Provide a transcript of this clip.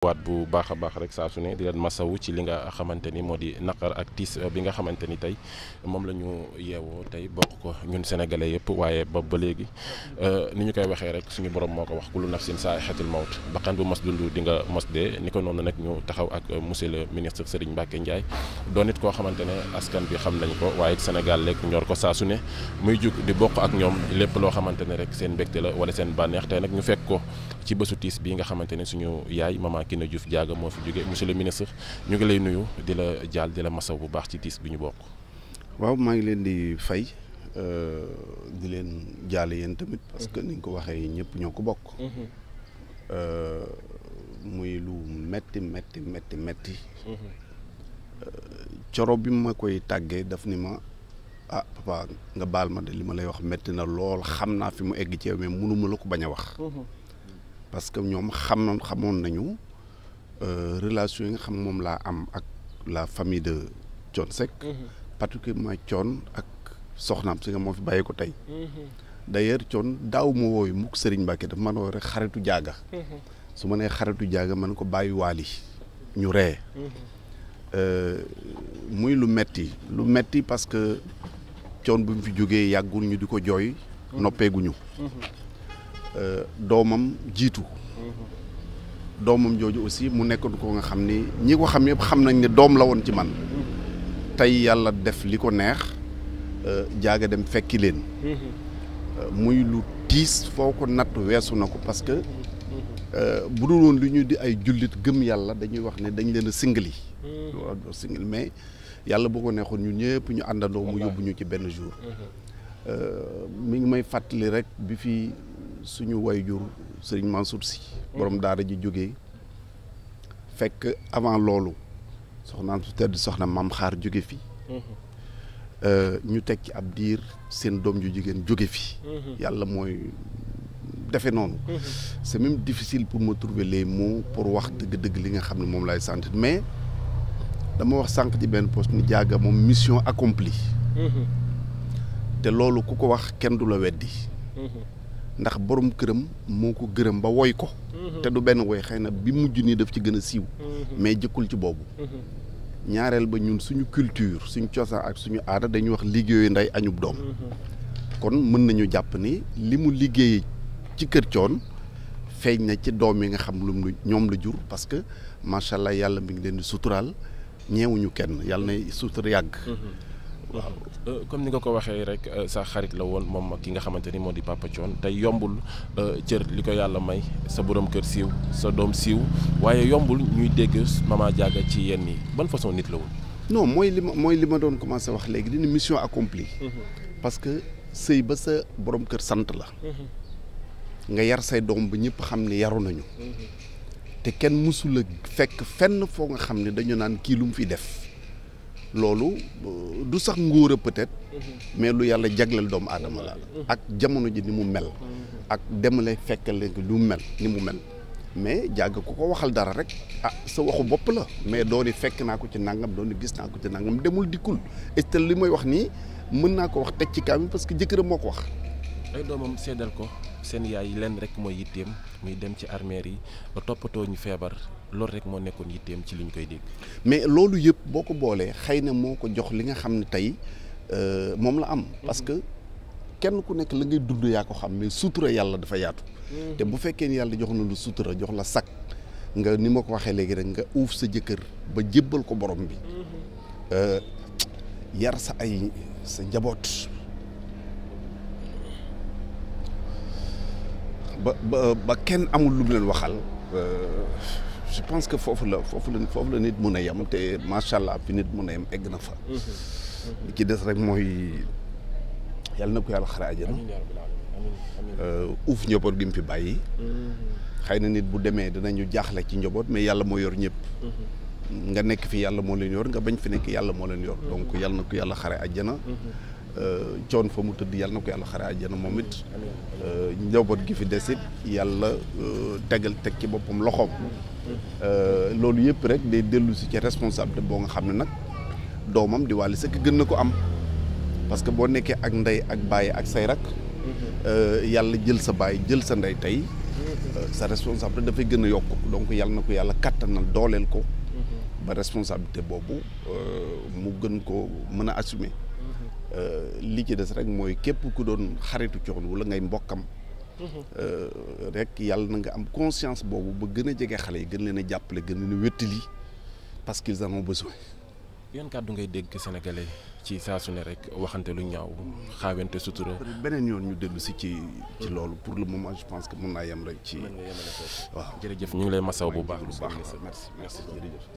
waat bu baax a baax rek saa su ne di leen masawu ci li nga xamante ni moo di naqar ak tiis euh, bi nga xamante ni tey moom la ñu yeewoo tey bokk ko ñun sénégalais yëpp waaye ba ba léegi euh, ni ñu koy waxee rek suñu borom moo ko wax kullu nafsin saaxatul mawt bakkan bu mas dund di nga mos dee ni ko noonu nag ñu taxaw ak euh, monsieur le ministre Serigne Mbacké Ndiaye doon nit koo xamante ne askan bi xam nañ ko waaye Sénégal lekk ñor ko saa su ne muy jug di bokk ak ñoom lépp loo xamante ne rek seen mbégte la wala seen bànneex tey ñu fekk ko ci bésu tiis bi nga xamante ne suñu yaay maman Sakina Diouf Diaga moo fi jóge monsieur le ministre ñu ngi lay nuyu di la jaal di la masaw bu baax ci tiis bi ñu bokk. waaw maa ngi leen di fay euh, di leen jaale yéen tamit. parce que ni ko waxee ñëpp ñoo ko bokk. Mm-hmm. Euh, muy lu metti metti metti metti. Mm-hmm. Euh, coro bi ma koy tàggee daf ni ma ah papa nga baal ma de li ma lay wax metti na lool xam naa fi mu egg ci yow mais mënuma la ko bañ a wax. Mm-hmm. parce que ñoom xam xamoon nañu Euh, relation yi nga xam moom laa am ak la famille de Thione Seck mhm. particulièrement Thione ak soxnaam si nga moo fi bàyyi ko tey mhm. d'ailleurs Thione daaw ma wooyu mukk Serigne Mbacké daf man woo rek xaritu jaaga mhm. ma nee ko bàyyi waali ñu ree euh, muy lu metti lu metti parce que Thione bu mu fi jógee yàggul ñu di ko jooy noppeeguñu euh, doomam jiitu doomam jooju aussi mu nekkoon ko nga xam ni ñi ko xam yëpp xam nañ ne doom la woon ci man tey yàlla def li ko neex euh, jaaga dem fekki leen euh, muy lu tiis foo ko natt weesu na ko parce que euh, bu dul woon lu ñu di ay jullit gëm yàlla dañuy wax ne dañ leen a singali hmm. singali mais yàlla boo ko neexoon ñun ñëpp ñu àndandoo mu yóbbu ñu ci benn jour hmm. mi ngi may fàttali rek bi fi suñu way jur sëriñ Mansour si borom mm. daara ji jóge fekk avant loolu soxnaam su tedd soxna maam xaar jóge fi mm-hmm. euh, ñu teg ci ab diir seen doom ju jigéen jóge fi mm-hmm. yàlla mooy defe noonu mm-hmm. c'est difficile pour me trouver les mots pour wax dëgg-dëgg li nga xam ne moom laay sentir mais dama wax sànq ci benn poste mu jaaga moom mission accomplie te loolu ku ko wax kenn du la weddi ndax boroom këram moo ko gërëm ba woy ko mhm. te du benn woy xëy na bi mujj nii daf ci gën a siiw mhm. mais jëkkul ci boobu mhm. ñaareel ba ñun suñu culture suñu cosaan ak suñu aada dañuy wax liggéeyu ndey añub doom kon mën nañu jàpp ni li mu liggéey ci kër coon feeñ na ci doom yi nga xam lu ñoom la jur parce que macha allah yàlla mi ngi leen di suturaal ñeewuñu kenn yàlla nay sutura yàgg waaw euh, comme ni nga ko waxee rek euh, sa xarit la woon moom ki nga xamante ni moo di Papa Thione tey yombul euh, cër li ko yàlla may sa boroom kër siiw sa doom siiw waaye yombul ñuy dégg Mama Diaga ci yenn yi ban façon nit la woon. mooy li ma mooy li ma doon commencé wax léegi dina mission accomplie mhm. parce que sëy ba sa borom kër sant la. Mhm. nga yar say doom ba ñëpp xam ne yaru nañu. Mhm. te kenn mësula fekk fenn foo nga xam ne dañu naan kii lu mu fi def. loolu euh, du sax ngóor a peut-être mhm. mais lu yàlla jagleel doomu aadama la mhm. ak jamono ji ni mu mel mhm. ak demale fekkal leen lu mu mel ni mu mel mais jàgg ko ko waxal dara rek ah sa waxu bopp la mais dooni fekk naa ko ci nangam dooni gis naa ko ci nangam demul dikkul et te li may wax nii mën naa ko wax teg ci kaam parce que jëkkëram moo ko wax ay doomam seddal ko seen yaay lenn rek mooy yitteem muy dem ci armeer yi ba toppatoo ñu feebar loolu rek moo nekkoon yitteem ci li ñu koy dégg. mais loolu yëpp boo ko boolee xëy na moo ko jox li nga xam ne tey euh, moom la am. Mhm. parce que kenn ku nekk la ngay dund yaa ko xam mais sutura yàlla dafa yaatu. Mhm. te bu fekkee ni yàlla jox na lu sutura jox la sakk nga ni ma ko waxee léegi rek nga uuf sa jëkkër ba jébbal ko borom bi. Mhm. Euh, yar sa ay sa njaboot. ba ba ba kenn amul lu mu leen waxal euh, je pense que foofu la foofu la foofu la nit mu a yem te macha allah fi nit mu a yem egg na fa. Mm-hmm. Mm-hmm. li ci des rek mooy yàlla na ko yàlla xare àjjana. Euh, uuf njaboot gi mu fi bàyyi. Mm-hmm. xëy na nit bu demee dinañu jaaxle ci njaboot mais yàlla moo yor ñëpp. nga nekk fi yàlla moo leen yor nga bañ fi nekk yàlla moo leen yor. donc yàlla na ko yàlla xare àjjana. Euh, coon fa mu tëdd yàlla na ko yàlla xare àjjana moom it. njaboot gi fi desit yàlla euh, tegal teg ci boppam loxoom euh, loolu yëpp rek day dellu si ci responsabilité boo nga xam ne nag doomam di wàlli sëkk gën na ko am parce que boo nekkee ak ndey ak bàyyi ak say rak euh, yàlla jël sa bàyyi jël sa ndey tey sa responsabilité dafay gën a yokk donc yàlla na ko yàlla kattanal dooleel ko ba responsabilité boobu mu gën ko mën a assumer li ci des rek mooy képp ku doon xaritu Thione wala ngay mbokkam Euh, rek yàlla na nga am conscience boobu ba gën a jege xale yi gën leen a jàppale gën leen a wéttali parce qu'ils en ont besoin. yan kàddu ngay dégg Sénégalais ci saa su ne rek waxante lu ñaaw xaawente sutura. beneen yoon ñu dellu si ci ci loolu pour le moment je pense que mun naa yem rek ci. waaw jërëjëf ñu ngi lay masaw bu baax. lu baax merci merci jërëjëf.